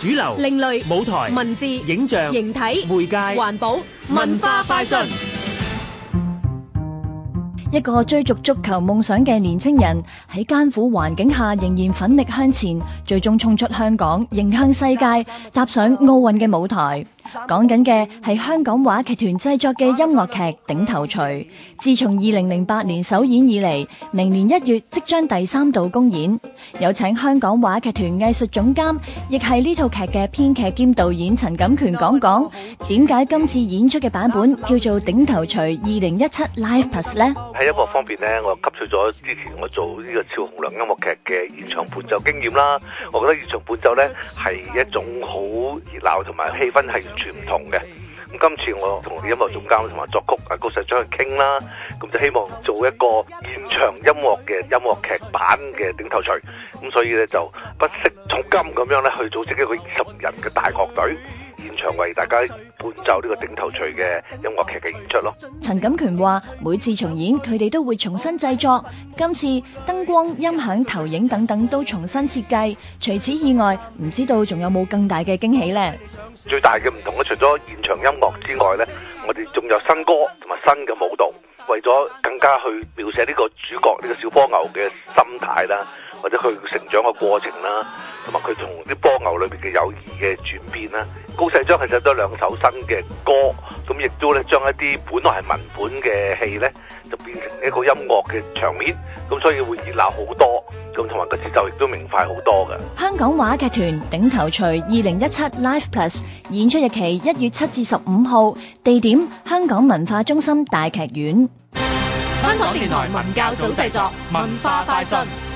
主流、另類舞台、文字、影像、形體、媒介、環保、文化快訊。一個追逐足球夢想嘅年青人喺艱苦環境下仍然奮力向前，最終衝出香港，迎向世界，踏上奧運嘅舞台。講緊嘅係香港話劇團製作嘅音樂劇《頂頭錘》，自從二零零八年首演以嚟，明年一月即將第三度公演。有請香港話劇團藝術總監，亦係呢套劇嘅編劇兼導演陳錦權，講講點解今次演出嘅版本叫做《頂頭錘二零一七 Live Plus》呢？喺音樂方面呢，我吸取咗之前我做呢個俏紅娘音樂劇嘅現場伴奏經驗啦。我覺得現場伴奏呢係一種好熱鬧同埋氣氛係。全唔同嘅，咁今次我同音樂總監同埋作曲阿高 Sir 去傾啦，咁就希望做一個現場音樂嘅音樂劇版嘅頂頭鎚，咁所以咧就不惜重金咁樣咧去組織一個十人嘅大樂隊。現場為大家伴奏呢個頂頭鎚嘅音樂劇嘅演出咯。陳錦權話：每次重演，佢哋都會重新製作。今次燈光、音響、投影等等都重新設計。除此以外，唔知道仲有冇更大嘅驚喜呢？最大嘅唔同咧，除咗現場音樂之外咧，我哋仲有新歌同埋新嘅舞蹈，為咗更加去描寫呢個主角呢、呢個小波牛嘅心態啦，或者佢成長嘅過程啦。同埋佢同啲波牛裏邊嘅友誼嘅轉變啦，高世章係寫咗兩首新嘅歌，咁亦都咧將一啲本來係文本嘅戲咧，就變成一個音樂嘅場面，咁所以會熱鬧好多，咁同埋個節奏亦都明快好多嘅。香港話劇團頂頭鎚二零一七 Live Plus 演出日期一月七至十五號，地點香港文化中心大劇院。香港電台文教組製作文化快訊。